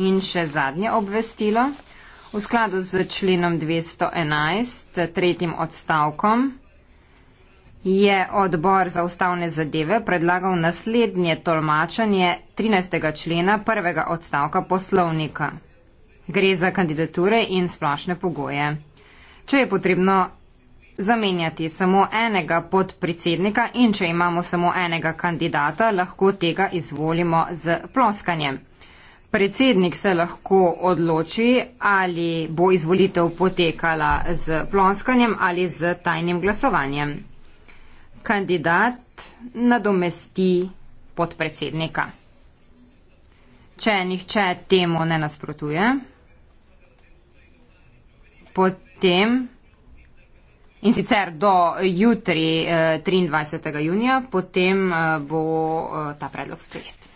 In še zadnje obvestilo. V skladu z členom 211, tretjim odstavkom, je odbor za ustavne zadeve predlagal naslednje tolmačanje 13. člena prvega odstavka poslovnika. Gre za kandidature in splošne pogoje. Če je potrebno zamenjati samo enega podpredsednika in če imamo samo enega kandidata, lahko tega izvolimo z ploskanjem. Predsednik se lahko odloči, ali bo izvolitev potekala z plonskanjem ali z tajnim glasovanjem. Kandidat nadomesti podpredsednika. Če nihče temu ne nasprotuje, potem in sicer do jutri 23. Eh, junija, potem eh, bo eh, ta predlog sprejet.